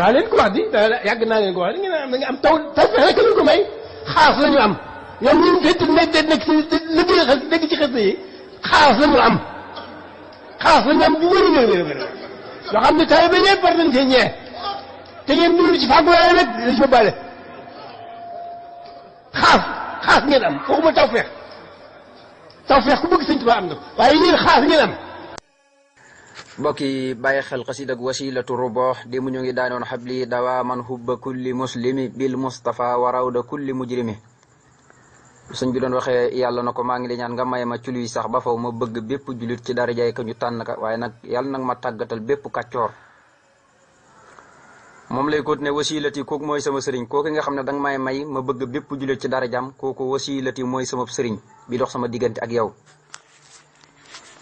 daa leen ko wax di daa yàgg naa leen ko wax di ngeen am taw taw rek lañ ko may xaas la ñu am ñoom ñun fekk nekk nekk si liggéey xas nekk ci xas yi xaas la ñu am xaas la ñu am bu wér a wér a yoo xam ne tawee ba ñëpp war nañ te ngeen dund ci fàggu yàlla nag dañ ko bale xaas xaas ngeen am waxuma tawfeex tawfeex ku bëgg sëñ Tuubaa am na waaye yéen am. mbokk yi bàyyi xel xasida ak wasilatu ruboox di mu ñu ngi daanoon xabli dawaa man hubba kulli muslimi bil mustafa wa rawda kulli mi suñ bi doon waxee yàlla na ko maa ngi lay ñaan nga may ma ci luy sax ba faw ma bëgg bépp julit ci dara jaay ka ñu tànn ka waaye nag yàlla nag ma tàggatal bépp kàccoor moom lay ko ne wasilati kooku mooy sama sëriñ kooku nga xam ne danga may may ma bëgg bépp julit ci dara jam kooku wasilati mooy sama sëriñ bi dox sama diggante ak yow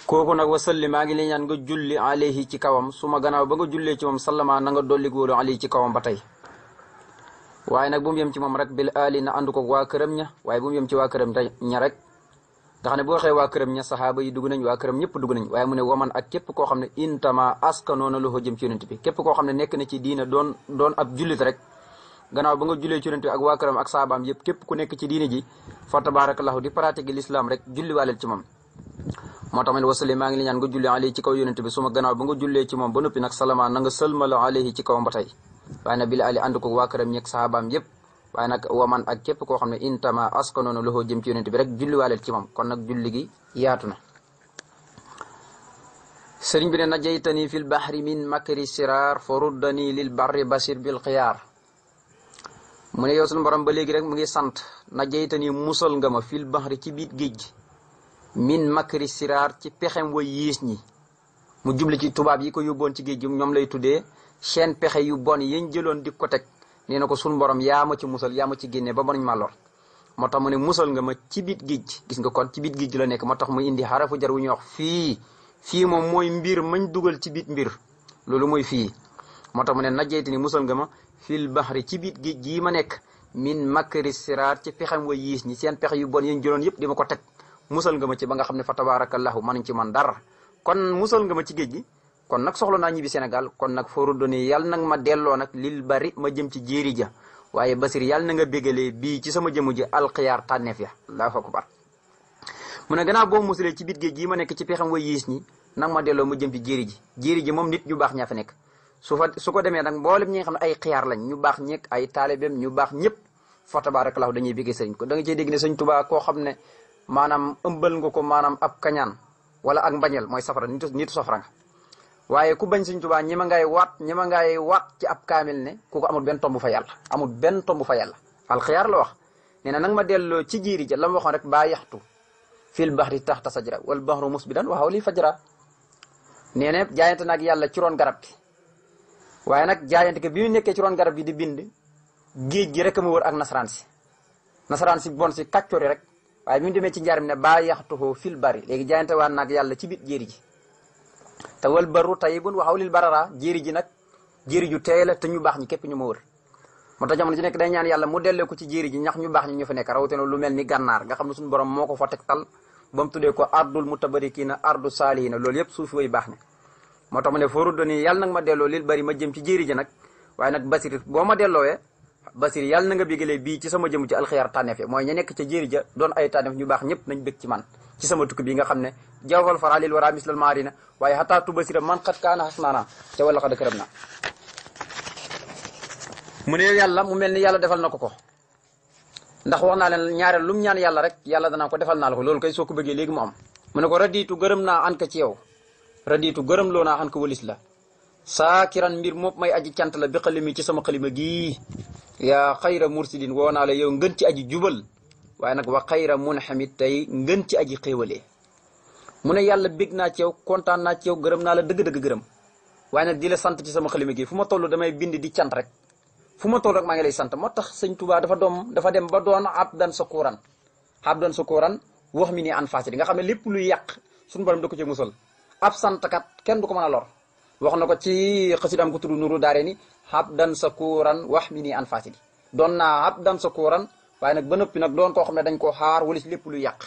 kooku nag wasalli maa ngi lay ñaan nga julli alayhi ci kawam su ma gannaaw ba nga jullee ci moom sallama na nga dolli góolu alayhi ci kawam ba tey waaye nag bu mu yem ci moom rek bil ali na ànd ko waa këram ña waaye bu mu yem ci waa këram ña rek nga xam ne boo waxee waa këram ña saxaaba yi dugg nañ waa këram ñëpp dugg nañ waaye mu ne waman a képp koo xam ne inta intama askanoo na loxo jëm ci yonent bi képp koo xam ne nekk na ci diina doon doon ab jullit rek gannaaw ba nga jullee ci yonent bi ak waa këram ak saabaam yëpp képp ku nekk ci diina ji fa tabaarakallahu di pratique l'islam rek julli ci moom moo tax ma ne wasali maa ngi li ñaan nga julli alayhi ci kaw yonente bi su ma gannaaw ba nga jullee ci moom ba noppi nag salama na nga sëlmala alayhi ci kawam ba tey waaye nag bila ali ànd ko waa këram ñeeg yëpp waaye nag waman ak képp koo xam ne intama askanoonu loxoo jëm ci yonente bi rek julliwaaleel ci moom kon nag julli gi yaatu na sëriñ bi ne najaytani fil bahri min makri siraar fa ruddani lil barri basir bil xiyaar mu ne yow sunu ba léegi rek mu ngi sant najaytani musal nga ma fil bahri ci biit géej gi min makri siraar ci pexem way yiis ñi mu jubli ci tubaab yi ko yóbboon ci géej gi ñoom lay tuddee seen pexe yu bon yañ jëloon di ko teg nee na ko sun borom yaa ma ci musal yaa ma ci génne ba mënuñ ma lor moo tax mu ne musal nga ma ci biit géej gis nga kon ci biit géej la nekk moo tax muy indi xarafu jar wu ñuy wax fii fii moom mooy mbir mañ dugal ci biit mbir loolu mooy fii moo tax mu ne najjeeti ni musal nga ma fil baxri ci biit géej gii ma nekk min makri siraar ci pexem way yiis ñi seen pexe yu bon yañ jëloon yëpp di ma ko teg musal nga ma ci ba nga xam ne fa tabaarakallahu manuñ ci man dara kon musal nga ma ci géej gi kon nag soxla naa ñibbi senegal kon nag foo rëddoonee yàlla nag ma delloo nag lil bari ma jëm ci jéeri ja waaye Basir yàlla na nga bégalee bii ci sama jëmu ji alxiyaar tànneef ya allahu akbar mu ne gannaaw boo musalee ci biir géej gii ma nekk ci pexam way yiis ñi nag ma delloo ma jëm ci jéeri ji jéeri ji moom nit ñu baax ñaa fa nekk su fa su ko demee nag mboolem ñi xam ne ay xiyaar lañ ñu baax ñeeg ay taalibeem ñu baax ñëpp fa tabaarakallaahu dañuy béggee sëriñ ko da nga cey dégg ne sëñ Tuubaa koo xam ne maanaam ëmbal nga ko maanaam ab kañaan wala ak mbañeel mooy safara nitu nitu safara nga waaye ku bañ Sëñ Tuubaa ñi ma ngay waat ñi ma ngay waat ci ab kaamil ne ku ko amul benn tomb fa yàlla amul benn tomb fa yàlla alxiyaar la wax nee na nag ma delloo ci jiiri ja la waxoon rek baa yaxtu fil baxri taxta sajra wal baxru musbidan wa hawli fajra nee na jaayante nag yàlla ci roon garab gi waaye nag jaayante ke bi mu nekkee ci roon garab gi di bind géej gi rek ma ak nasaraan si nasaraan si bon si rek waaye mu demee ci njaaram ne baa yaxtuhu fil bari léegi jaayante waan naag yàlla ci biir jéeri ji te wal baru tayyibun wa hawlil barara jéeri ji nag jéeri ju teey la te ñu baax ñi képp ñu ma wër moo tax jamono ci nekk day ñaan yàlla mu delle ko ci jéeri ji ñax ñu baax ñi ñu fa nekk raw rawatina lu mel ni gànnaar nga xam ne suñu borom moo ko fa tegtal ba mu tuddee ko ardul mutabarikiina ardu na loolu yëpp suuf way baax ne moo ta mu ne foo ruddoo nii yàlla nag ma delloo lil bari ma jëm ci ji nag waaye nag basir basir yàlla na nga bégalee bii ci sama jëm ci alxiyaar tànneef ya mooy ña nekk ca jéeri ja doon ay tànneef ñu baax ñëpp nañ bëgg ci man ci sama tukki bi nga xam ne jawfal faralil wara mislal maarina waaye xataa tu basira man xat kaana xasnaana te wala xad këram na mu ne yàlla mu mel ni yàlla defal na ko ko ndax wax naa leen ñaareel lum ñaan yàlla rek yàlla danaa ko defal naa la ko loolu kay soo ko bëggee léegi mu am mu ne ko radiitu gërëm naa an ka ci yow radiitu gërëm loo naa an ka walis la saakiran mbir moom may aji cant bi xalimi ci sama xalima gii yaa xayra mursidin woo naa la yow ngën ci aji jubal waaye nag wa xayra munhamid tey ngën ci aji xéewalee mu ne yàlla bég naa ci kontaan naa ci gërëm naa la dëgg-dëgg gërëm waaye nag di la sant ci sama xalima gi fu ma toll damay bind di cant rek fu ma toll rek maa ngi lay sant moo tax sëñ Tuubaa dafa doom dafa dem ba doon abdan sakuuran abdan sakuuran wax mi ni an faasi di nga xam ne lépp luy yàq suñu borom da ko ci musal ab santkat kenn du ko mën a lor wax na ko ci xasida am ko tudd nuru daare ni habdan sakuran wax mi nii an fasidi doon naa habdan sakuran waaye nag ba noppi nag doon koo xam ne dañ koo xaar ci lépp lu yàq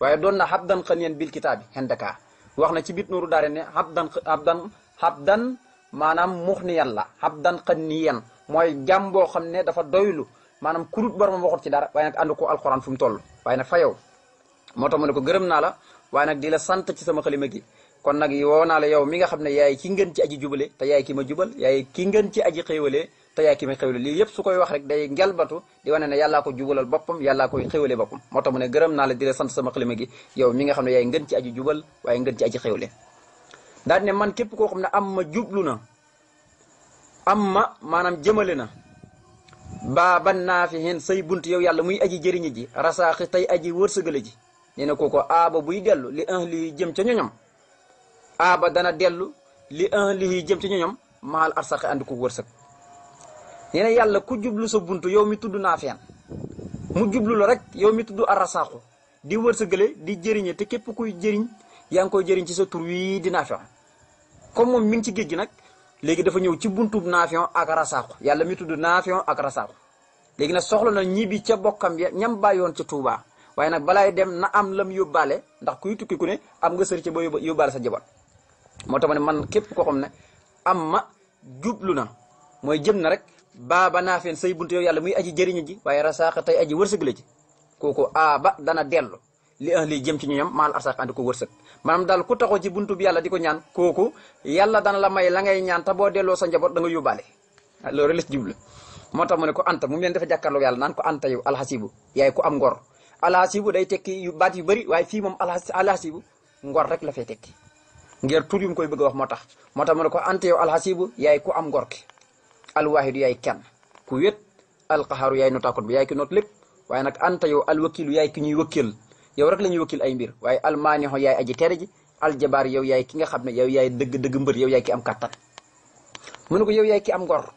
waaye doon na habdan xaniyan bil kitaabi hendaka wax na ci biir nuru daare ne habdan habdan habdan maanaam muxniyan la habdan xaniyan mooy jàmm boo xam ne dafa doylu maanaam kurut boromam waxut ci dara waaye nag ànd ko alxuraan fu mu toll waaye nag fa yow moo tax mu ne ko gërëm naa la waaye nag di sant ci sama xalima gi kon nag woo naa la yow mi nga xam ne yaay ki ngeen ci aji jubale te yaay ki ma jubal yaay ki ngeen ci aji xéwalee te yaay ki ma xéwale lii yëpp su koy wax rek day ngelbatu di wane ne yàllaa ko jubalal boppam yàllaa koy xéwale boppam moo tax mu ne gërëm naa la di la sant sama xalima gi yow mi nga xam ne yaay ngeen ci aji jubal waaye ngeen ci aji xéwale daal ne man képp koo xam ne am ma jublu na am ma maanaam jëmale na baaban naa fi xeen say bunt yow yàlla muy aji jëriñi ji rasaaxi tey aji wërsëgale ji nee na kooko aaba buy dellu li li jëm ca aaba dana dellu li un lii jëm ci ñoom maal arsaxi andi ko wërsëg nee na yàlla ku jublu sa buntu yow mi tudd naafeen mu jublu la rek yow mi tudd arasaaxu di wërsëgale di jëriñe te képp kuy jëriñ yaa ngi koy jëriñ ci sa tur wii di naafeen comme moom mi ngi ci géej gi nag léegi dafa ñëw ci buntub naafeen ak arasaaxu yàlla mi tudd naafeen ak arasaaxu léegi nag soxla na ñibbi ca bokkam ya ñam bàyyoon ca Touba waaye nag balaay dem na am lam yóbbaale ndax kuy tukki ku ne am nga sër ca ba yóbbaale sa jaboot moo tax ma ne man képp koo xam ne am ma jublu na mooy jëm na rek baaba naafeen say buntu yow yàlla muy aji jëriñu ji waaye rasaaxa tey aji wërsëg la ji kooku aaba dana dellu li ah lii jëm ci ñu ñam maal arsaax andi ko wërsëg maanaam daal ku taxaw ci buntu bi yàlla di ko ñaan kooku yàlla dana la may la ngay ñaan boo delloo sa njaboot da nga ah, loolu la ci moo tax mu ne ko anta mu mel dafa jàkkaarloo yàlla naan ko anta yow alxasibu yaay ku am ngor alxasibu day tekki yu baat yu bëri waaye fii moom alxasibu ngor rek la fay tekki ngir tur yu mu koy bëgg wax moo tax moo tax mu ne ko ante yow alxasibu yaay ku am ngor ki alwaahidu yaay kenn ku wét alqaharu yaay notaakot ki noot lépp waaye nag anta yow alwakilu yaay ki ñuy wëkkil yow rek la ñuy wëkkil ay mbir waaye almaanixo yaay aji tere ji aljabaar yow yaay ki nga xam ne yow yaay dëgg dëgg mbër yow yaay ki am kattan mu ne ko yow yaay ki am ngor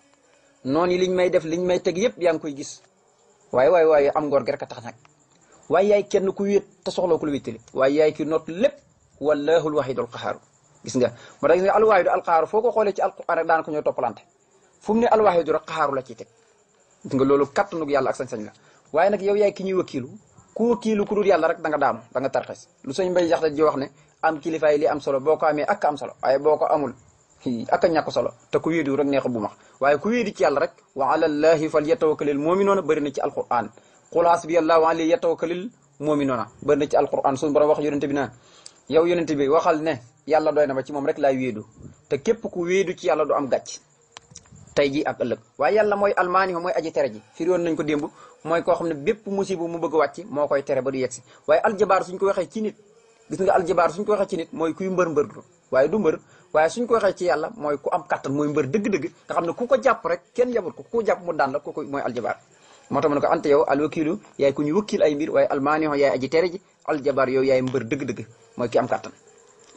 noonu liñ may def liñ may teg yëpp yaa ngi koy gis waaye waaye waaye am ngor gi rek a tax yaay kenn ku te soxloo ku la wéttali waaye yaay ki noot lépp wallaahu alwaxidul qaharu gis nga ma tax gis nga alwaahidu alqaaru foo ko xoolee ci alquran rek daanaka ñoo toppalante fu mu ne alwaahidu rek xaaru la ciy teg gis nga loolu kattanug yàlla ak sañ-sañ la waaye nag yow yaay ki ñuy wakiilu ku wakiilu ku dul yàlla rek da nga daanu da lu sëñ ba jaxte ji wax ne am kilifaay li am solo boo ko amee ak am solo waaye boo ko amul ak a ñàkk solo ta ku wéedu rek neexa bu max waaye ku wéedi ci yàlla rek wa ala llahi fal yatawakkalil mu'minuuna bëri na ci alquran qul hasbiyallahu na ci alquran suñu borom wax yonente bi naan yow yàlla doy na ma ci moom rek laay wéedu te képp ku wéedu ci yàlla du am gàcc tey ji ak ëllëg waaye yàlla mooy almaani mooy aji tere ji firi woon nañ ko démb mooy koo xam ne bépp musiba mu bëgg wàcc moo koy tere ba du yegsi waaye aljabaar suñ ko waxee ci nit gis nga aljabaar suñ ko waxee ci nit mooy kuy mbër mbër lu waaye du mbër waaye suñ ko waxee ci yàlla mooy ku am kattan mooy mbër dëgg-dëgg xam ne ku ko jàpp rek kenn yabut ko jàpp mu daan la kooku mooy aljabaar moo tax mu ne ko ante yow alwakilu yaay ku ñu wëkkil ay mbir waaye almaani yaay aji tere ji aljabaar yow yaay mbër dëgg-dëgg mooy ki am kàttan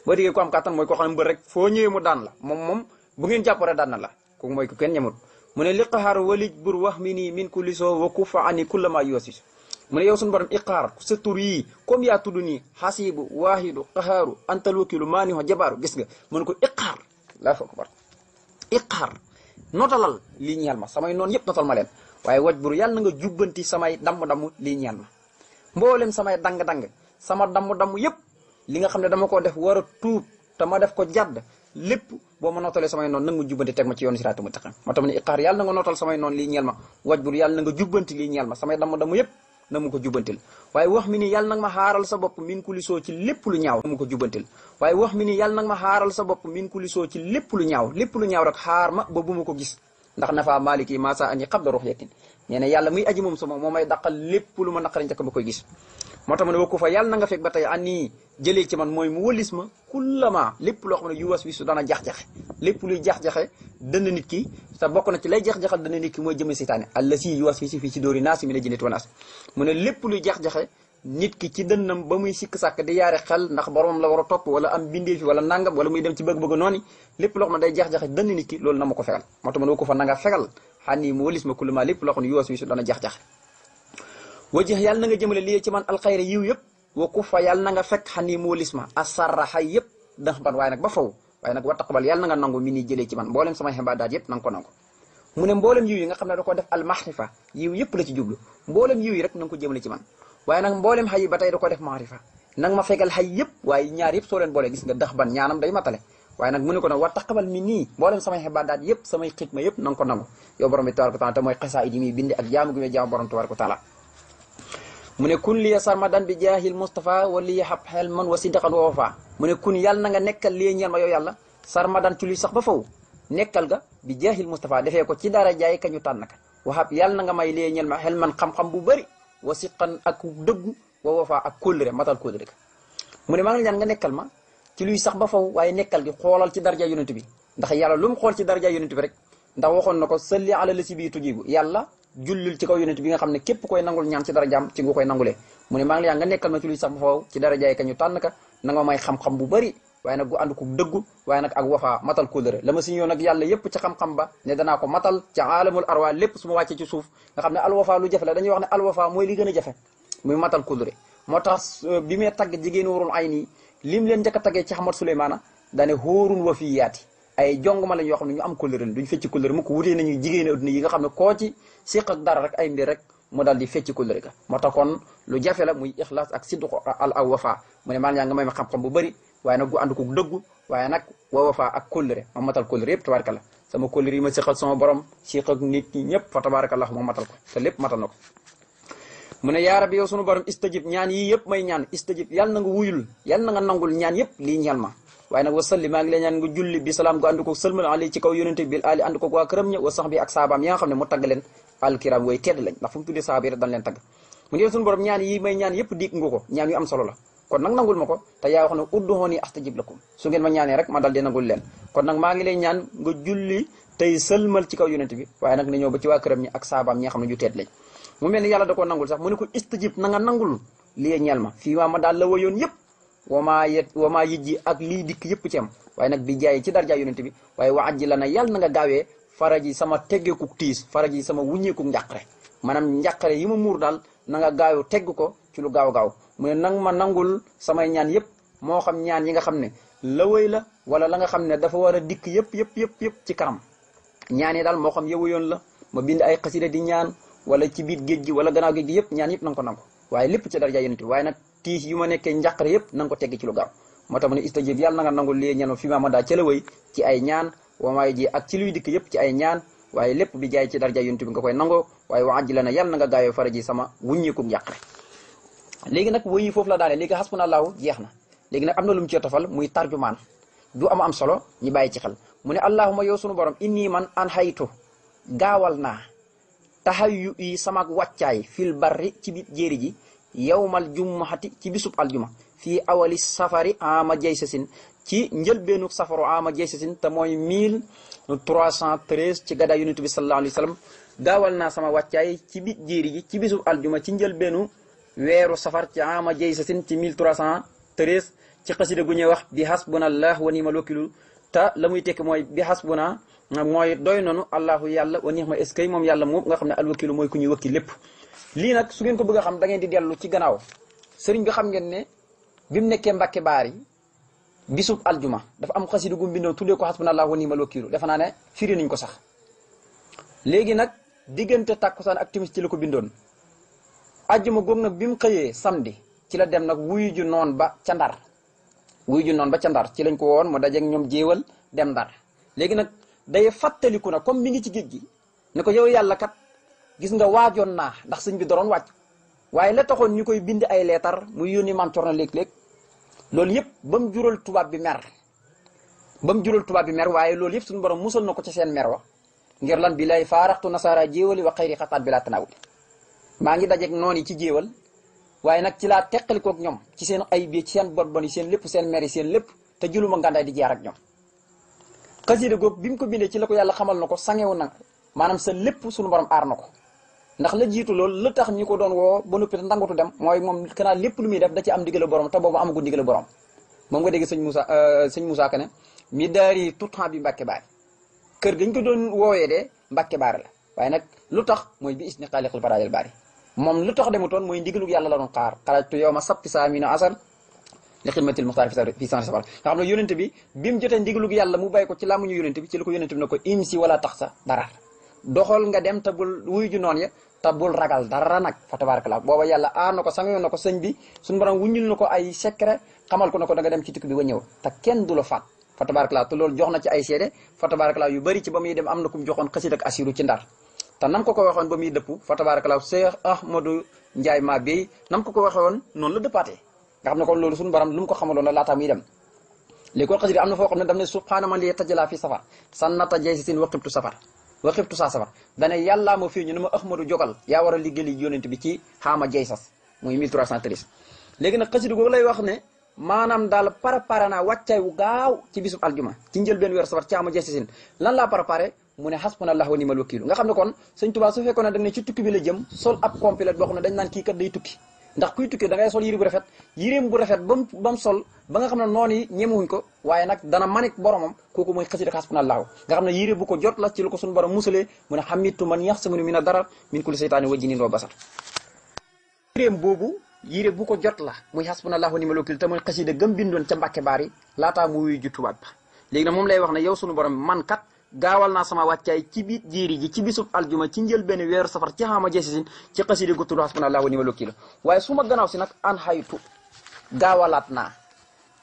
ba déggee ku am kàttan mooy ko xam ne mbër rek foo ñëwee mu daan la moom moom bu ngeen jàppoo rek daan na la kooku mooy ku kenn ñemut mu ne liqahaar walij bur wax mi nii min kulli soo wa ku fa ani kullama yuwasis mu ne yow suñu borom iqaar sa tur yii comme yaa tudd nii xasibu waahidu qahaaru antal wakilu maaniho jabaaru gis nga mu ne ko iqaar laa foog bar iqaar nootalal lii ñeel ma samay noon yëpp nootal ma leen waaye waj bur yàlla na nga jubbanti samay damm-damm lii ñeel ma samay dang-dang sama damm-damm yëpp li nga xam ne dama ko def war a tuub te def ko jàdd lépp boo ma nootalee samay noonu nanga ma jubbanti teg ma ci yoonu siraatu mustaqim ma tam ne iqaar yàlla na nga nootal samay noonu lii ñeel ma wajbul yàlla na nga jubbanti lii ma ko jubbantil waaye wax mi ni yàlla nag ma xaaral sa bopp min kulisoo ci lépp lu ñaaw na mu ko waaye wax mi ni yàlla nag ma xaaral sa bopp min kulisoo ci lépp lu ñaaw lépp lu ñaaw xaar ma ba bu ma ko gis ndax nafa maalik yi maasa ani xabla ruux yettin nee na yàlla muy aji moom sama moo may daqal lépp lu ma naqari njëkk ba koy gis moo tax mu ne wakku fa yàlla na nga fekk ba tey ani jëlee ci man mooy mu wëlis ma kullama lépp loo xam ne yu was wisu dana lépp luy jax-jaxe dënn nit ki te bokk na ci lay jax-jaxal dënn nit ki mooy si yu was wisu fii ci dóori naasi mi la jënit wanaas mu ki ci dënnam ba muy sikk sàkk di yaare xel ndax boromam la war a topp wala am bindee fi wala nangam wala muy dem ci loo xam ne day jax-jaxe ki loolu na ma ko fegal moo tax mu ne wakku fa na fegal xan nii mu wëlis ma kullama lépp loo xam ne yu was wisu dana jax-jaxe wajeex yàlla na nga jëmale lii ci man alxayra yiw yëpp wa kufa nga fekk xan ni moo lisma asarraxa yëpp dax ban waaye nag ba faw waaye nag wa taqbal na na nga ko nangu mu ne mboolem yiw yi ne da ko def almaxrifa yiw yëpp la ci jublu mboolem yiw yi rek na nga ko jëmale ci man waaye nag mboolem xay yi ba tey da ko def maarifa nag ma fegal xay yëpp waaye ñaar yëpp soo leen boole gis nga dax ban ñaanam day matale waaye nag mu ko nag wa taqabal mi nii mboolem samay xibaadaat yëpp samay xikma yëpp na nangu mu ne kun liya sarmadan bi jaahil Moustapha wa liya xab xel man si sidqan wa wafa mu ne kun yàlla na nga nekkal liy ñeel ma yow yàlla sarmadan ci luy sax ba faw nekkal ga bi jaahil Moustapha defee ko ci dara jaay kañu tànn ka waxaab yàlla na nga may liy ñeel ma xel man xam bu bëri wa sidqan ak dëggu wa wafa ak kóllëre matal kóllëre ka mu ne maa ngi ñaan nekkal ma ci luy sax ba faw waaye nekkal gi xoolal ci daraja yonent bi ndax yàlla lu mu xool ci daraja yonent bi rek ndax waxoon na ko salli ala la si bii tujibu yàlla jullul ci kaw yonent bi nga xam ne képp koy nangul ñaan ci dara jaam ci nga koy nangulee mu ne maa ngi yaa nga nekkal ma ci luy sax ba faw ci dara na nga may xam-xam bu bari waaye nag gu ànd ko dëggu waaye nag ak wafaa matal kóllëre la ma si ñëw yépp ci xam-xam ba ne danaa ko matal ci aalamul arwa lépp su ma wàccee ci suuf nga xam ne alwafa lu jafe la dañuy wax ne alwafa mooy li a jafe muy matal kóllëre moo tax euh, bi mee tagg jigéen wóorul ay nii lim leen njëkk a taggee ci xamat Suleymaana dane hóorun wafiyaati ay jonguma lañ yoo xam ne ñu am couleur duñ fecc couleur mu ko wutee nañu jigéen ne koo ci siq ak dara rek ay mbir rek mu daal di fecc couleur ma moo tax lu jafe la muy ixlaas ak sidq al ak wafa mu ne maanaam yaa nga ma xam-xam bu bëri waaye nag gu ànd ko dëggu waaye nag wa wafa ak couleur ma matal couleur yëpp tabaarakallah sama couleur yi ma siqal sama borom siq ak nit ñi ñëpp fa tabaarakallah ma matal ko te lépp matal na ko mu ne yaa rabbi yow sunu borom istajib ñaan yii yëpp may ñaan istajib yàlla na nga wuyul yàlla na nga nangul ñaan yëpp lii ñeel ma waaye nag wasalli maa ngi lay ñaan nga julli bi salaam gu ko sëlmal ali ci kaw yonente bil ali ànd ko waa këram ña wa sax bi ak ne mu tagg leen alkiram way tedd lañ ndax fu mu tuddee saaba yi rek ko ñaan yu am solo la ko te yaa wax ne udduhooni astajib leen kon nag maa ngi lay ñaan nga julli tey sëlmal ci kaw yonente waaye nag na ñëw ba ci waa ak saabaam ñi nga xam ne ju tedd lañ mu mel ni yàlla da koo nangul sax mu ne ko istajib na nga nangul lii ñeel ma fii maa ma daal la wayoon yëpp wamaa yet wamaa yijji ak lii dikk yëpp ci waaye nag bi jaay ci darja yonent bi waaye wa ajji la na yàlla na nga gaawee faraji sama teggeekuk tiis faraji sama wuññeekuk njàqare maanaam njàqare yi ma muur daal nanga nga gaaw tegg ko ci lu gaaw gaaw mu ne nang ma nangul samay ñaan yëpp moo xam ñaan yi nga xam ne la way la wala la nga xam ne dafa war a dikk yëpp yëpp yëpp yëpp ci kanam ñaan yi daal moo xam yowu yoon la ma bind ay xasida di ñaan wala ci biir géej gi wala gannaaw géej gi yëpp ñaan yëpp na ko nangu lépp ci darja yonent bi waaye nag tiis yu ma nekkee njàqare yëpp na nga ko tegg ci lu gaaw moo tax mu ne istajib yàlla na nga nangu lee ñan fi ma ma daa ca la wéy ci ay ñaan wamaay ji ak ci luy dikk yëpp ci ay ñaan waaye lépp bi jaay ci darja yonent bi nga koy nangoo waaye wa ajji la na yàlla na nga gaawee faraji sama wuññeeku njàqare léegi nag wéyi foofu la daane léegi xasbunallaahu jeex na léegi nag am na lu mu am am solo ñu bàyyi ci xel mu ne allahuma yow sunu borom inni man an xaytu gaawal naa taxaw yu yi sama wàccaay fil barri ci biir jéeri ji yawmal jummaati ci bisub aljuma fii awali safari ama sin ci njël njëlbeenu safaru ama jaysasin te mooy 1313 ci gaddaa yonent bi sallallahu alayhi wa sallam gaawal naa sama wàccaay ci bi jéeri ji ci bisub aljuma ci njëlbeenu weeru safar ci ama jaysasin ci 1313 ci xasida gu ñuy wax bi hasbunallah wa ni'mal wakilu te la muy tekki mooy bi hasbuna mooy doy nanu allahu yàlla wa ni'ma eskay moom yàlla moom nga xam ne alwakilu mooy ku ñuy wakki lépp lii nag su ngeen ko bëgg xam da di dellu ci gannaaw sëriñ bi xam ngeen ne bi mu nekkee Mbàkke Baari bisub aljuma dafa am xasida gu mu bindoo tuddee ko xasbunallah wa ni'mal wakiilu defe naa ne firi nañ ko sax léegi nag diggante tàkkusaan ak timis ci la ko bindoon aljuma googu nag bi mu xëyee samedi ci la dem nag wuyu ju noon ba ca ndar wuyu ju noon ba ca ndar ci lañ ko woon mu dajeeg ñoom jéewal dem ndar léegi nag day fàttaliku na comme mi ngi ci géej gi gis nga waajoon naa ndax sëñ bi doroon wàcc waaye la taxoon ñu koy bind ay leetar muy yónni mantor na léeg-léeg loolu yëpp ba mu jural tubaab bi mer ba mu jural tubaab bi mer waaye loolu yëpp suñu borom musal na ko ci seen mer wa ngir lan bi lay faaraxtu nasaara jéewali wax xayri xataat bi laa tanaawuli maa ngi dajeeg noon yi ci jéewal waaye nag ci laa teqalikook ñoom ci seen ay bi ci seen bon bon yi seen lépp seen mer yi seen lépp te juluma ngàndaay di jaar ak ñoom xasida goog bi mu ko bindee ci la ko yàlla xamal na ko sangewu na maanaam sa lépp suñu borom aar na ko ndax la jiitu lool la tax ñi ko doon woo ba noppi nangutu dem mooy moom kanaa lépp lu muy def da ci am ndigalu borom te boobu amagul ndigalu borom moom nga dégg sëñ Moussa euh, sëñ Moussa Kane mi daari tout temps bi Mbàkke Baar kër gañ ko doon woowee de Mbàkke Baar la waaye nag lu tax mooy bi is ni xaaliqul baraadil moom lu tax demutoon mooy ndigalug yàlla la doon xaar xarajtu yow ma sappi saa mi no asal li xidmatil muxtaar fi san safar nga xam bi bi mu jotee ndigalug yàlla mu bàyyi ko ci làmmuñu yónente bi ci la ko yónente bi ne ko nga dem te bul wuy ju noon ya ta bul ragal dara nag fa tabarakallah booba yàlla aar ah, na ko sangoon na ko sëñ bi suñu borom wuññil na ko ay secret xamal ko na ko nga dem ci tukki bi ba ñëw kenn du la faat fa tabarakallah te loolu jox na ci ay seede fa tabarakallah yu bëri ci ba muy dem am na ku joxoon xasit ak asiru ci ndar te nam ko ko waxoon ba muy dëpp fa tabarakallah Cheikh Ahmadou Ndiaye maa bay nam ko ko woon noonu la dëppaatee nga xam ne kon loolu suñu borom lu ko xamaloon la laataa muy dem xam ne daf ne subhaana man li tajala fi safar san nata jay si sin waqiftu saa sama dane yàllaa ma fii ñu ne ma ahmadu jogal yaa war a liggéey yonent bi ci xaama jaysas muy 1313 léegi nag xasida googu lay wax ne maanaam daal préparé naa wàccaay wu gaaw ci bisub aljuma ci njëlbeen weer safar ci xaama jaysasin lan laa préparé mu ne hasbunallahu wa ni'mal wakiilu nga xam ne kon sëñ Tuubaa su fekkoon ne ne ci tukki bi la sol ab complet boo naan kii kat day tukki ndax kuy tukki da ngay sol yére bu rafet yéreem bu rafet bam bam sol ba nga xam ne noonu yi ñemewuñ ko waaye nag dana manik boromam kooku mooy xasida xasbunallaahu nga xam ne yére bu ko jot la ci lu ko mu ne xamitu man yaxsamuni min a darar min kulli seytaani boobu yére bu ko jot la muy xasbunallaahu ni'mal wakiil te mooy xasida gëm bindoon ca mbàkke baar yi laataa mu léegi nag moom lay wax na yow sunu borom man kat gaawal naa sama wàccaay ci biit jiiri ji ci bisub aljuma ci njël benn weeru safar ci xama jeesisin ci xasidi gu tudd hasbunallahu wa ni'mal wakiil waaye su ma gannaaw si nag an xaytu gaawalaat naa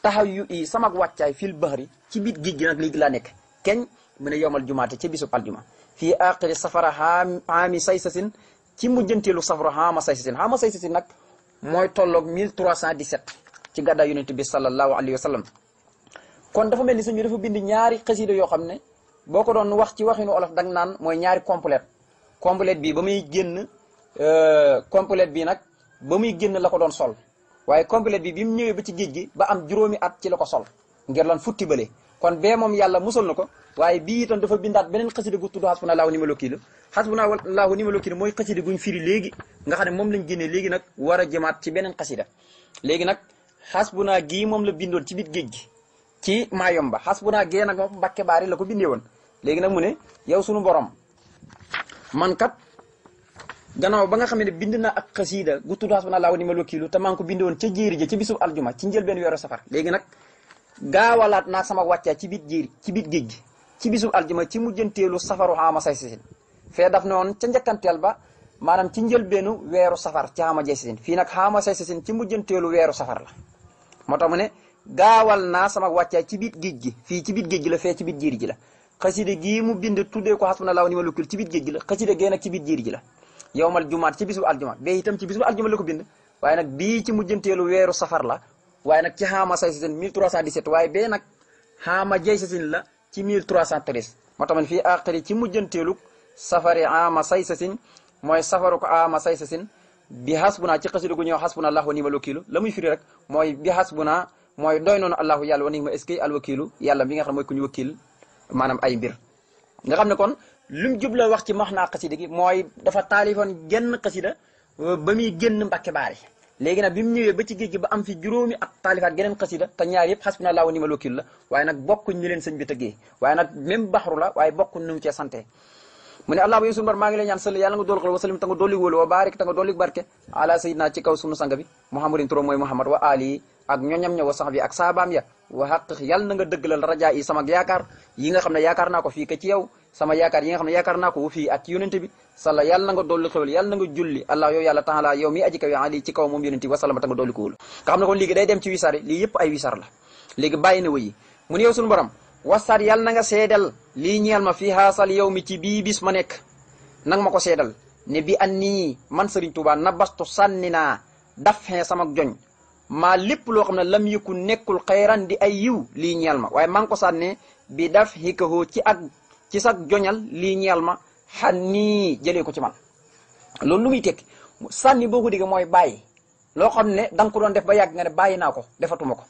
taxaw yu i sama wàccaay fil bahri ci biit géej gi nag léegi laa nekk keñ mu yomal yowmal jumaate ca bisub aljuma fii aaxiri safara xaami saysasin ci mujjanteelu safara xaama saysasin xaama saysasin nag mooy tolloog 1317 ci gàddaa yonent bi sallallahu alayhi wa sallam kon dafa mel ni suñu dafa bind ñaari xasida yoo xam ne boo ko doon wax ci waxinu olof dag naan mooy ñaari complète complète bi ba muy génn euh, complète bi nag ba muy génn la ko doon sol waaye complète bi bi mu ñëwee ba ci géej gi ba am juróomi at ci la ko sol ngir lan futti bële kon bee moom yàlla musal na ko waaye bii toon dafa bindaat beneen xasida gu tudd xasbuna laahu nimal wakiil xasbuna laahu nimal wakiil mooy xasida guñ firi léegi nga xam ne moom lañ génnee léegi nag war a jëmaat ci beneen xasida léegi nag xasbuna gii moom la bindoon ci biir géej gi ci maa maayomba naa gee nag moom mbàkke baari la ko bindee woon léegi nag mu ne yow sunu borom man kat gannaaw ba nga xam ne bind na ak xasiida gu tudd na wa ni'mal wakiilu te maa ngi ko bind woon ca jéeri ja ca bisub aljuma ci njëlbeen weeru safar léegi nag gaawalaat naa sama wàccaa ci biit jéeri ci biit géej gi ci bisub aljuma ci mujjanteelu safaru xaama say sisin fee daf ne woon ca njëkkanteel ba maanaam ci njëlbeenu weeru safar ci xaama jay sisin fii nag xaama say sisin ci mujjanteelu weeru safar la moo tax mu ne gaawal naa sama wàccaa ci biit géej gi fii ci biit géej gi la fee ci biit jéeri ji la xaside gii mu bind tuddee ko xasbuna laahu nimal wakiil ci biir géej gi la xaside gee nag ci biir jiir ji la yowmal jumaat ci bisu aljuma bee itam ci bisu aljuma la ko bind waaye nag bii ci mujjanteelu weeru safar waaye nag ci xaama say sasin 1317 waaye bee nag xaama jay sasin la ci 1313 moo tax man fii àqari ci mujjanteelu safari ama say mooy safaru ko ama say sasin bi xasbuna ci xasida gu ñëw xasbuna laahu nimal wakiilu la muy firi rek mooy bi xasbuna mooy doy noonu allahu yàlla yàlla mi nga xam mooy ku maanaam ay mbir nga xam ne kon lim jubloo wax ci max naa xasida gi mooy dafa taalifoon genn xasida euh, ba muy génn mbàkke baari léegi nag bi mu ñëwee ba ci géej gi ba am fi juróomi at taalifaat geneen xasida te ñaar yëpp xasbina leen sëñ bi tëggee waaye nag même baxru la waaye bokkuñ nu mu cee santé mu ne allah bu sunu bar maa ngi lay ñaan sëll yàlla nga dool xol wa salim ta nga dolli wóolu wa baarik ta nga dolli barke ala sayyidina ci kaw sunu sang bi muhammadin turam mooy muhammad wa ak ñoñam ña wa sax bi ak saabaam ya wa xaq yàlla na nga dëggalal rajaa yi sama yaakaar yi nga xam ne yaakaar naa ko fii ka ci yow sama yi nga xam ne yaakaar naa ko wu fii ak ci yonente bi sala yàlla na nga dolli xewal yàlla na nga julli allah yow yàlla taala yow mi aji kaw ali ci ko wul nga xam ne kon léegi day dem ci lii yëpp ay wisaar la léegi bàyyi na wëyi mu ne yow suñu borom wasaat yàlla na nga seedal lii ñeel ma fii xaasal yow mi ci bii ma nekk nang ma ko seedal ne bi an nii man Sëriñ Tuubaa nabastu sànni naa daf sama joñ maa lépp loo xam ne lam yëkku nekkul xayran di ay yiw lii ñeel ma waaye man ngi ko sànnee bi daf xikahoo ci ak ci sag joñal lii ñeel ma xan nii jëlee ko ci man loolu lu muy tekki sànni boo ko digg mooy bàyyi loo xam ne danga ko doon def ba yàgg nga ne bàyyi naa ko defatuma ko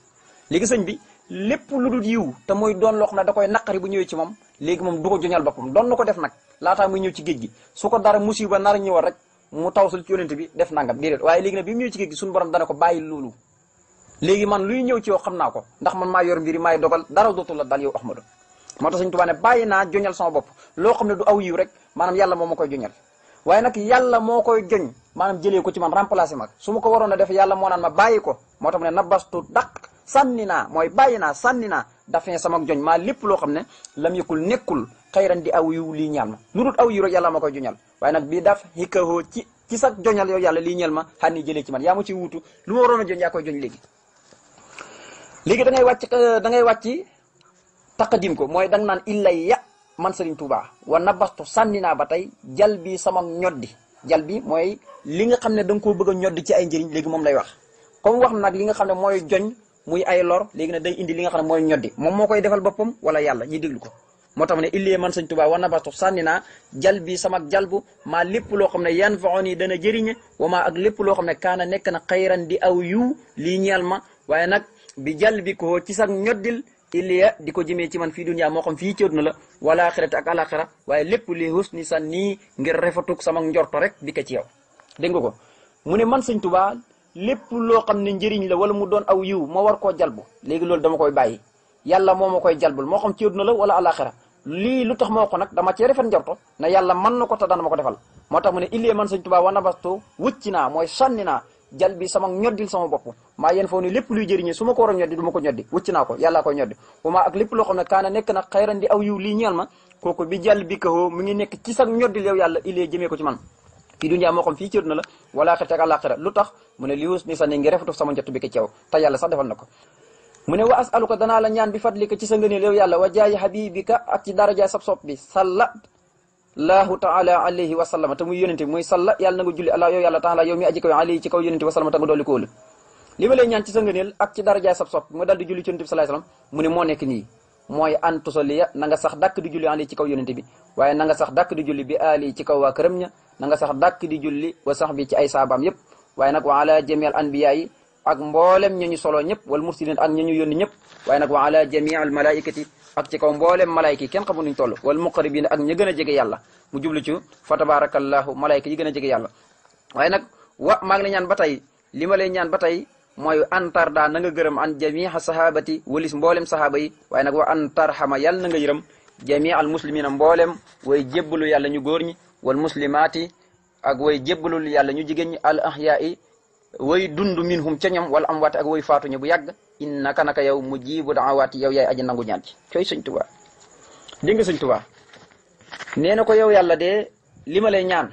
léegi sañ bi lépp lu dul yiw te mooy doon loo xam ne da koy naqari bu ñëwee ci moom léegi moom du ko joñal boppam doon na ko def nag laataa muy ñëw ci géej gi su ko dara musiba nar ñëwal rek mu taw tawsul ci yonent bi def nangam déedéet waaye léegi nag bi mu ñëw ci géej gi suñu borom dana ko bàyyi loolu léegi man luy ñëw ci yow xam naa ko ndax man maa yor mbiri maay dogal dara dootul la dal yow Ahmadu moo tax Sëñ Tuubaa ne bàyyi naa joñal sama bopp loo xam ne du aw yiw rek maanaam yàlla moo ma koy joñal waaye nag yàlla moo koy joñ maanaam jëlee ko ci man remplacé ma su ko waroon a def yàlla moo naan ma bàyyi ko moo tax mu ne nabastu daq sànni naa mooy bàyyi naa sànni naa dafee sama joñ maa lépp loo xam ne lam yëkkul nekkul xayran di aw yiw lii ñaan ma aw yiw rek yàlla ma koy joñal waaye nag bii daf xikkahoo ci ci sax joñal yow yàlla lii ñeel ma xan ni jëlee ci man yaa ma ci wuutu lu a joñ yaa koy joñ léegi léegi da ngay wàcc euh, da ko mooy dang naan illay ya man Serigne Touba wa nabastu sànni naa ba tey jal bi sama ñoddi jal bi mooy li nga xam ne da nga koo bëgg a ñoddi ci ay njëriñ léegi moom lay wax comme wax nag li nga xam ne mooy joñ muy ay lor léegi nag day indi li nga xam ne mooy ñoddi moom moo koy defal boppam wala yàlla ñi déglu ko moo tax mu ne illee man sëñ Tuubaa wa nabatu sànni naa jal bi sama jalbu maa lépp loo xam ne yan faxoon yi dana jëriñe wa maa ak lépp loo xam ne kaana nekk na xayran di aw yiw lii ñeel ma waaye nag bi jal bi ko ci sax ñoddil illiya di ko jëmee ci man fii duniyaa moo xam fii ci àdduna la wala axirati ak alaxira waaye lépp li husni san nii ngir refatug sama njorto rek bi ko ci yow dégg nga ko mu ne man sëñ Tuubaa lépp loo xam ne njëriñ la wala mu doon aw yiw ma war koo jalbu léegi loolu dama koy bàyyi yàlla moo ma koy jalbul moo xam ci àdduna la wala alaxira lii lu tax ma ko nag dama cee rafet njorto ne yàlla man na ko te dana ma ko defal moo tax mu ne illee man sëñ Tuubaa wana bastu naa mooy sànni naa jal bi sama ñoddil sama bopp maa yéen foo lépp luy jëriñee su ma ko war a ñoddi naa ko yàllaa koy ñoddi wama ak lépp nekk na xayran di aw yiw lii ñeel ma kooku jàll bi kahoo mu ngi nekk ci sa ñoddil yow yàlla illee jëmee ko ci man fii dunyaa moo xam fii ci àdduna la wala xete ak àllaaxira lu tax mu ne li husni sa ni sama njott bi ko ceew te yàlla sax defal na ko mu ne wa asaluka danaa la ñaan bi fadlika ci sa ngëneel yow yàlla wa jaayi habibika ak ci daraja sab sopp bi salla laahu taala na nga julli ala yow yàlla taala yow mi aji kaw alayhi ci wa sallama ta li ma lay ci nekk nii mooy an tusaliya na nga sax dàkk di julli alayhi ci kaw yónente bi waaye na nga sax dàkk di julli bi aali ci kaw waa këram ña na nga sax dàkk di julli wa sax bi ci ay saabaam yépp waaye nag wa ala jamial anbiya yi ak mboolem ña ñu solo ñëpp wal mursalin ak ña ñu yónni ñëpp waaye nag wa ala jamii al malaikati ak ci kaw mboolem malayka yi kenn xamu nuñ toll wal muqarrabin ak ña gën a jege yàlla mu jublu ci fa tabarakallahu malayka yi gën a jege yàlla waaye nag wa maa ngi ñaan ba tey li ma lay ñaan ba tey mooy an tarda na nga gërëm an jamiha sahabati walis mboolem sahaaba yi waaye nag wa an tarxama yàlla na nga yërëm jamii al muslimina mboolem way jébbalu yàlla ñu góor ñi wal muslimaati ak way jébbalul yàlla ñu jigéen ñi al ahyaa way dund minhum ca ñoom wala am waate ak way faatuñu bu yàgg innaka naka yow mujibu daawaati yow yaay aji nangu ñaan ci cooy sëñ tubaa dégg nga sëñ tubaa nee na ko yow yàlla de li ma lay ñaan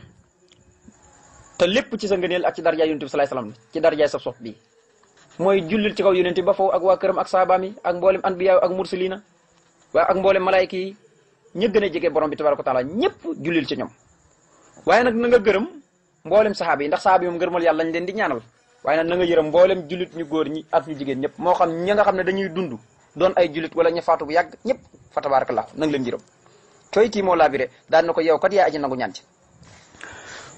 te lépp ci sa ngëneel ak ci darjaay yonent bi salaay salaam ci darjaay sa sopp bi mooy jullil ci kaw yonent ba faw ak waa këram ak saabaam yi ak mboolem anbiya ak mursalina waa ak mboolem malaayka yi ña gën a jege borom bi ko taala ñëpp jullil ci ñoom waaye nag mboolem saxaaba yi ndax saxaaba yi moom ngërmal yàlla lañ leen di ñaanal waaye nag na nga yërëm mboolem jullit ñu góor ñi ak ñu jigéen ñëpp moo xam ñi nga xam ne dañuy dund doon ay jullit wala ña faatu bu yàgg ñëpp fa tabarakallah na nga leen yërëm cooy kii moo laabire daan na ko yow kat yaa aji nangu ñaan ci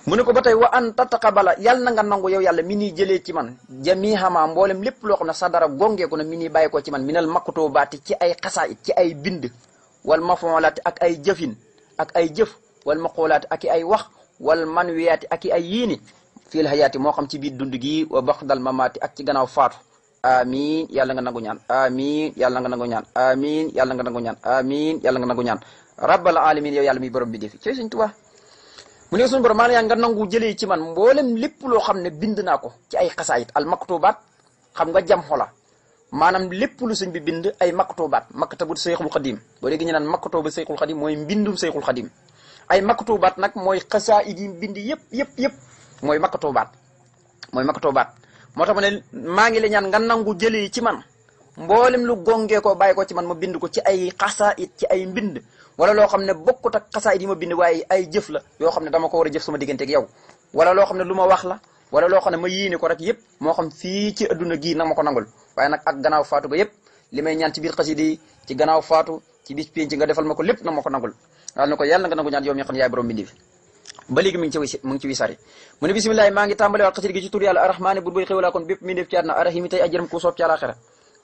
mu ne ko ba tey wa an tataqabala yàlla na nga nangu yow yàlla mi nii jëlee ci man jamihama mboolem lépp loo xam ne sadara gongeeku na mi nii bàyyi ko ci man minal baat ci ay xasaayit ci ay bind wal mafoolaati ak ay jëfin ak ay jëf wal maqoolaati ak ay wax wal manwiyaati ak i ay yéene fil hayaati moo xam ci biir dund gi wa baxdal mamaati ak ci gannaaw faatu amin yàlla nga nangu ñaan amin yàlla nga nangu ñaan amin yàlla nga nangu ñaan amin yàlla nga nangu ñaan rabbal alamin yow yàlla mi borom bi defi ci suñ tuba mu ne suñu borom maanaam yaa nga nangu jëlee ci man mboolem lépp loo xam ne bind naa ko ci ay xasaayit al maktubaat xam nga jam xola maanaam lépp lu sëñ bi bind ay maktubaat maktabut seyxul xadim boo léegi ñu naan maktubut seyxul xadim mooy mbindum seyxul xadim ay baat nag mooy xasaayid yi bind yëpp yëpp yëpp mooy baat mooy baat moo tax ma ne maa ngi la ñaan ngan nangu jëlee ci man mboolem lu gongee ko bàyyi ko ci man ma bind ko ci ay xasaayid ci ay mbind wala loo xam ne bokkut ak xasaayid yi ma bind waaye ay jëf la yoo xam ne dama ko war a jëf sama diggante ak yow wala loo ne lu ma wax la wala loo xam ne ma yéene ko rek yëpp moo xam fii ci adduna gii nag ma ko nangul waaye nag ak gannaaw faatu ba yëpp li may ñaan ci biir xasida yi ci gannaaw faatu ci bis pénc nga defal ma ko lépp nag ma ko nangul daal na nangu ñaan yow mi nga xam ne yaay borom maa ngi tàmbale waat xasida gi ci tur yàlla arrahmaani bur buy xéwalaa kon bépp mindeef ci àdduna arrahimi tey ajëram ku soob ci àlaxira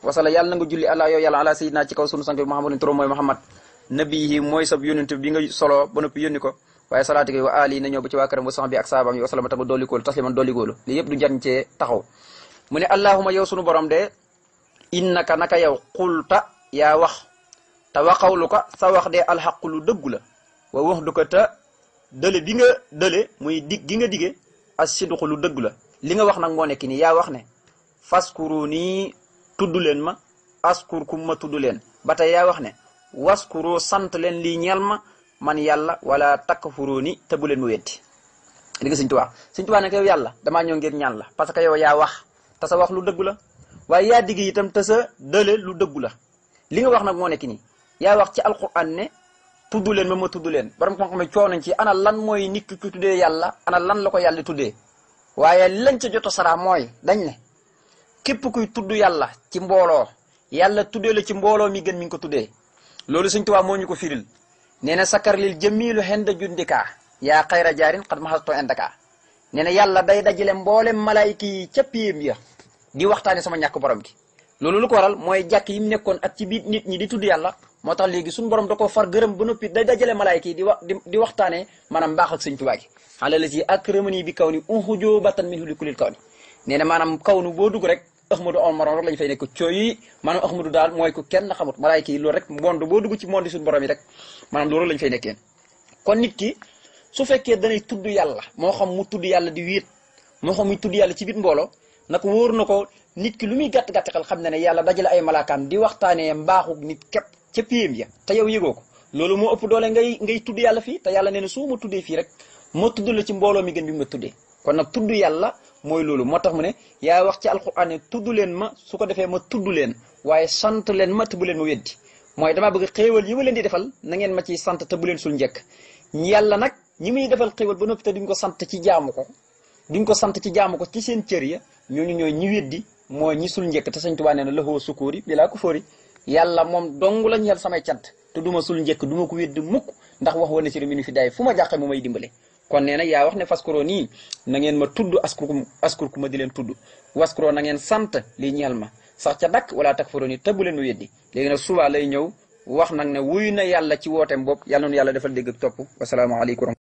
wasala yàlla na nga julli àlla yow yàlla ala sayidina ci kaw sunu sang bi Muhammad nabiyi mooy sab yónnent bi solo ba noppi waaye salaati wa ali na ñëw ba ci waa këram sax bi ak saabaam yi wasalama tama doolikoolu doolikoolu te wa qawluka sa wax de alxaqu lu dëggu la wa wax du ko ta dële bi nga dële muy digg gi nga dige as sidqu lu dëgg la li nga wax nag moo nekk nii yaa wax ne faskuru nii tudd leen ma askurkum ma tudd leen ba tey yaa wax ne waskuru sant leen lii ñeel ma man yàlla wala takfuru ni te bu leen mu weddi li nga Sëñ Tuubaa Sëñ Tuubaa nag yow yàlla damaa ñëw ngir ñaan la parce que yow yaa wax te sa wax lu dëgg la waaye yaa digg itam te sa dële lu dëgg la li nga wax nag moo nekk nii yaa wax ci alquran ne tudd leen ma ma tudd leen borom xam-xam yi nañ ci ana lan mooy nit ki tuddee yàlla ana lan la ko yàlla tuddee waaye lañ ca joto sara mooy dañ képp kuy tudd yàlla ci mbooloo yàlla tuddee la ci mbooloo mi gën mi ngi ko tuddee loolu Sëñ Tuubaa moo ñu ko firil nee na sakar lil jamilu henda jundikaa yaa xayra jaarin xad maxasto indaka nee na yàlla day dajale mboolem malaayika yi ca piyam ya di waxtaane sama ñàkk borom gi loolu lu ko waral mooy jàkk yi nekkoon ak ci biir nit ñi di tudd yàlla moo tax léegi suñu borom da koo far gërëm ba noppi day dajale malaayka yi di wa di waxtaanee maanaam mbaax ak sëñ Tuubaa gi xala la si akramani bi kaw ni kaw ni nee na maanaam kaw nu boo dugg rek Ahmadu Omar rek lañ fay nekk cooyi maanaam Ahmadu daal mooy ku kenn xamut malaayka yi loolu rek monde boo dugg ci monde suñu borom yi rek maanaam loolu lañ fay nekkee kon nit ki su fekkee danay tudd yàlla moo xam mu tudd yàlla di wéet moo xam muy tudd yàlla ci biir mbooloo nag wóor na ko nit ki lu muy gàtt-gàtt xel xam ne ne yàlla dajale ay malaakaan di waxtaanee mbaaxu nit képp ca piem ya te yow yëgoo ko loolu moo ëpp doole ngay ngay tudd yàlla fii te yàlla nee na ma tuddee fii rek ma tudd la ci mbooloo mi gën bi ma tuddee kon nag tudd yàlla mooy loolu moo tax mu ne yaa wax ci alxuraan ne tudd leen ma su ko defee ma tudd leen waaye sant leen ma bu leen ma weddi mooy damaa bëgg xéewal yi ma leen di defal na ngeen ma ciy sant te bu leen sul njekk yàlla nag ñi muy defal xéewal ba noppi te duñ ko sant ci jaamu ko duñ ko sant ci jaamu ko ci seen cër ya ñooñu ñooy ñi weddi moo ñi sul njekk te Sëñ Tuubaa nee na lahoo sukuuri bilaa ko fóori yàlla moom dong la ñeel samay cant te du ma sul njëkk duma ma ko wedd mukk ndax wax wane si minu fi daay fu ma jàqe mu may dimbale kon nee na yaa wax ne faskuroo nii na ngeen ma tudd askur askur ku ma di leen tudd waskuroo na ngeen sant li ñeel ma sax ca dakk wala takfuroo ni tëbbu leen ma weddi léegi nag subaa lay ñëw wax nag ne wuyu na yàlla ci wooteem bopp yàlla noonu yàlla defal dégg ak topp wasalaamaaleykum